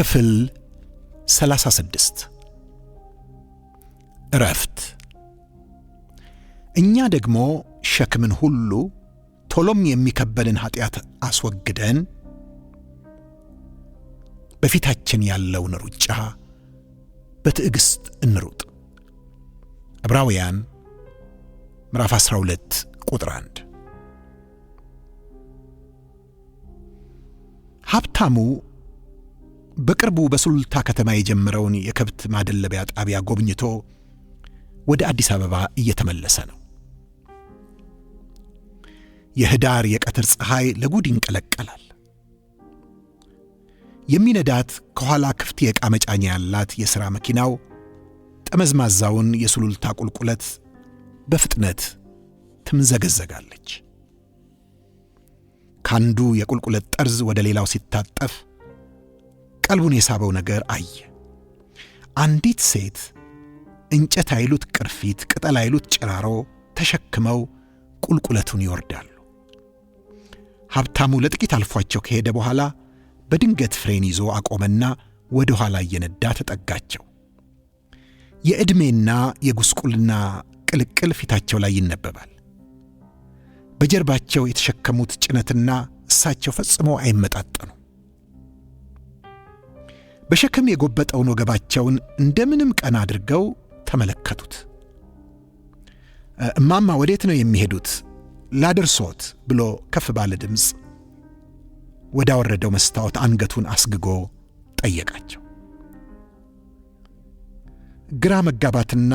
ክፍል 36 እረፍት። እኛ ደግሞ ሸክምን ሁሉ ቶሎም የሚከበድን ኃጢአት አስወግደን በፊታችን ያለውን ሩጫ በትዕግሥት እንሩጥ። ዕብራውያን ምዕራፍ 12 ቁጥር 1። ሀብታሙ በቅርቡ በሱልታ ከተማ የጀመረውን የከብት ማደለቢያ ጣቢያ ጎብኝቶ ወደ አዲስ አበባ እየተመለሰ ነው። የህዳር የቀትር ፀሐይ ለጉድ ይንቀለቀላል። የሚነዳት ከኋላ ክፍት የዕቃ መጫኛ ያላት የሥራ መኪናው ጠመዝማዛውን የሱሉልታ ቁልቁለት በፍጥነት ትምዘገዘጋለች። ከአንዱ የቁልቁለት ጠርዝ ወደ ሌላው ሲታጠፍ ቀልቡን የሳበው ነገር አየ። አንዲት ሴት እንጨት አይሉት ቅርፊት፣ ቅጠል አይሉት ጭራሮ ተሸክመው ቁልቁለቱን ይወርዳሉ። ሀብታሙ ለጥቂት አልፏቸው ከሄደ በኋላ በድንገት ፍሬን ይዞ አቆመና ወደ ኋላ እየነዳ ተጠጋቸው። የዕድሜና የጉስቁልና ቅልቅል ፊታቸው ላይ ይነበባል። በጀርባቸው የተሸከሙት ጭነትና እሳቸው ፈጽሞ አይመጣጠኑ። በሸክም የጎበጠውን ወገባቸውን እንደምንም ቀና አድርገው ተመለከቱት። እማማ ወዴት ነው የሚሄዱት? ላደርሶት ብሎ ከፍ ባለ ድምፅ ወዳወረደው መስታወት አንገቱን አስግጎ ጠየቃቸው። ግራ መጋባትና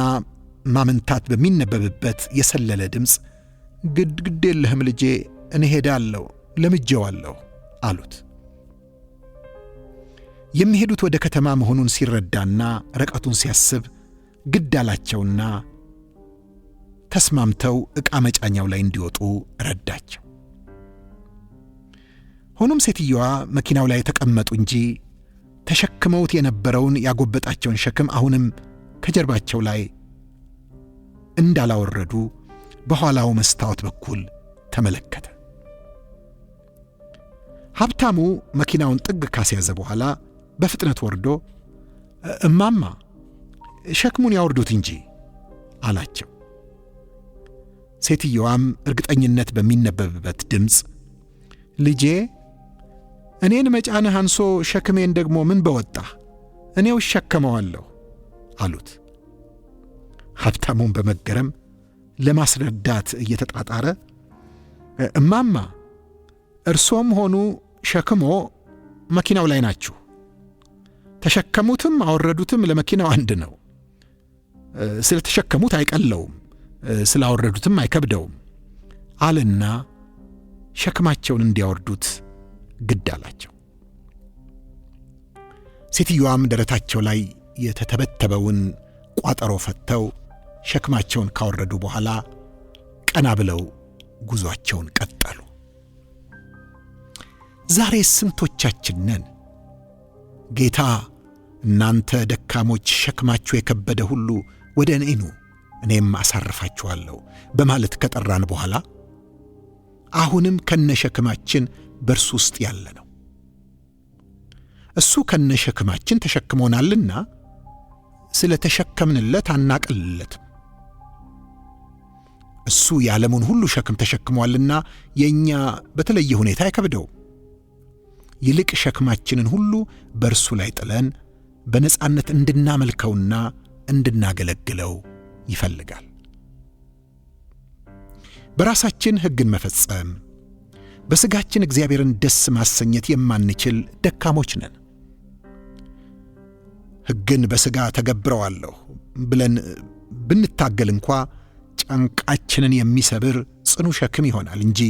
ማመንታት በሚነበብበት የሰለለ ድምፅ ግድግድ የለህም ልጄ፣ እንሄዳለሁ ለምጄዋለሁ አሉት። የሚሄዱት ወደ ከተማ መሆኑን ሲረዳና ርቀቱን ሲያስብ ግድ አላቸውና ተስማምተው ዕቃ መጫኛው ላይ እንዲወጡ ረዳቸው። ሆኖም ሴትየዋ መኪናው ላይ ተቀመጡ እንጂ ተሸክመውት የነበረውን ያጎበጣቸውን ሸክም አሁንም ከጀርባቸው ላይ እንዳላወረዱ በኋላው መስታወት በኩል ተመለከተ። ሀብታሙ መኪናውን ጥግ ካስያዘ በኋላ በፍጥነት ወርዶ እማማ ሸክሙን ያወርዱት እንጂ አላቸው። ሴትየዋም እርግጠኝነት በሚነበብበት ድምፅ ልጄ እኔን መጫንህ አንሶ ሸክሜን ደግሞ ምን በወጣ እኔው እሸከመዋለሁ አሉት። ሀብታሙን በመገረም ለማስረዳት እየተጣጣረ እማማ፣ እርሶም ሆኑ ሸክሞ መኪናው ላይ ናችሁ ተሸከሙትም አወረዱትም ለመኪናው አንድ ነው። ስለተሸከሙት አይቀለውም፣ ስላወረዱትም አይከብደውም አለና ሸክማቸውን እንዲያወርዱት ግድ አላቸው። ሴትዮዋም ደረታቸው ላይ የተተበተበውን ቋጠሮ ፈተው ሸክማቸውን ካወረዱ በኋላ ቀና ብለው ጉዟቸውን ቀጠሉ። ዛሬ ስንቶቻችን ነን ጌታ እናንተ ደካሞች ሸክማችሁ የከበደ ሁሉ ወደ እኔ ኑ እኔም አሳርፋችኋለሁ በማለት ከጠራን በኋላ አሁንም ከነሸክማችን በእርሱ ውስጥ ያለ ነው። እሱ ከነሸክማችን ተሸክሞናልና ስለ ተሸከምንለት አናቀልለትም። እሱ የዓለሙን ሁሉ ሸክም ተሸክሟልና የእኛ በተለየ ሁኔታ አይከብደው። ይልቅ ሸክማችንን ሁሉ በእርሱ ላይ ጥለን በነፃነት እንድናመልከውና እንድናገለግለው ይፈልጋል። በራሳችን ሕግን መፈጸም፣ በሥጋችን እግዚአብሔርን ደስ ማሰኘት የማንችል ደካሞች ነን። ሕግን በሥጋ ተገብረዋለሁ ብለን ብንታገል እንኳ ጫንቃችንን የሚሰብር ጽኑ ሸክም ይሆናል እንጂ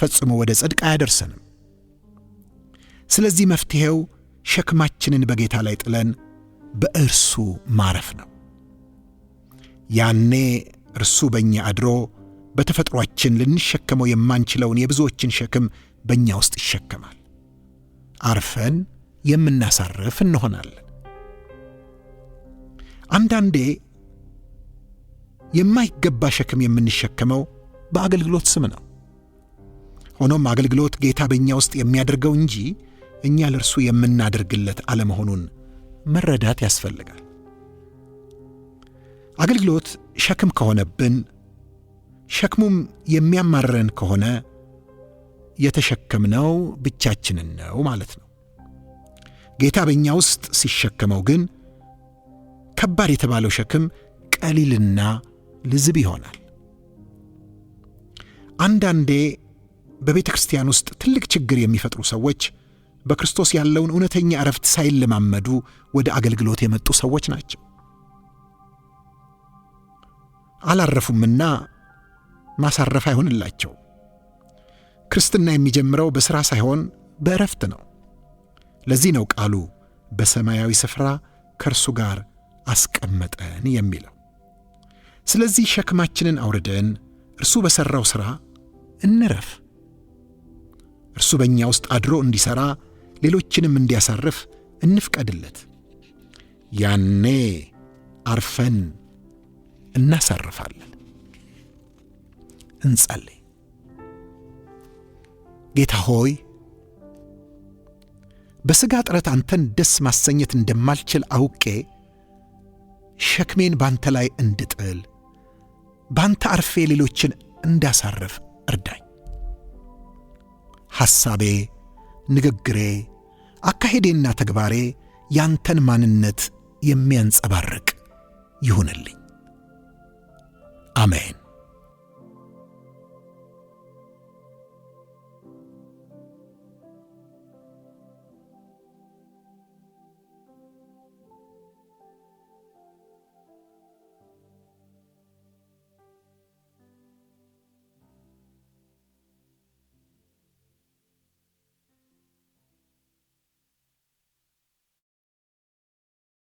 ፈጽሞ ወደ ጽድቅ አያደርሰንም። ስለዚህ መፍትሔው ሸክማችንን በጌታ ላይ ጥለን በእርሱ ማረፍ ነው። ያኔ እርሱ በእኛ አድሮ በተፈጥሯችን ልንሸከመው የማንችለውን የብዙዎችን ሸክም በእኛ ውስጥ ይሸከማል። አርፈን የምናሳርፍ እንሆናለን። አንዳንዴ የማይገባ ሸክም የምንሸከመው በአገልግሎት ስም ነው። ሆኖም አገልግሎት ጌታ በእኛ ውስጥ የሚያደርገው እንጂ እኛ ለእርሱ የምናደርግለት አለመሆኑን መረዳት ያስፈልጋል። አገልግሎት ሸክም ከሆነብን ሸክሙም የሚያማረን ከሆነ የተሸከምነው ብቻችንን ነው ማለት ነው። ጌታ በእኛ ውስጥ ሲሸከመው ግን ከባድ የተባለው ሸክም ቀሊልና ልዝብ ይሆናል። አንዳንዴ በቤተ ክርስቲያን ውስጥ ትልቅ ችግር የሚፈጥሩ ሰዎች በክርስቶስ ያለውን እውነተኛ እረፍት ሳይለማመዱ ወደ አገልግሎት የመጡ ሰዎች ናቸው። አላረፉምና ማሳረፍ አይሆንላቸው። ክርስትና የሚጀምረው በሥራ ሳይሆን በእረፍት ነው። ለዚህ ነው ቃሉ በሰማያዊ ስፍራ ከእርሱ ጋር አስቀመጠን የሚለው። ስለዚህ ሸክማችንን አውርደን እርሱ በሠራው ሥራ እንረፍ። እርሱ በእኛ ውስጥ አድሮ እንዲሠራ ሌሎችንም እንዲያሳርፍ እንፍቀድለት። ያኔ አርፈን እናሳርፋለን። እንጸልይ። ጌታ ሆይ በሥጋ ጥረት አንተን ደስ ማሰኘት እንደማልችል አውቄ ሸክሜን ባንተ ላይ እንድጥል ባንተ አርፌ ሌሎችን እንዳሳርፍ እርዳኝ። ሐሳቤ ንግግሬ፣ አካሄዴና ተግባሬ ያንተን ማንነት የሚያንጸባርቅ ይሁንልኝ። አሜን።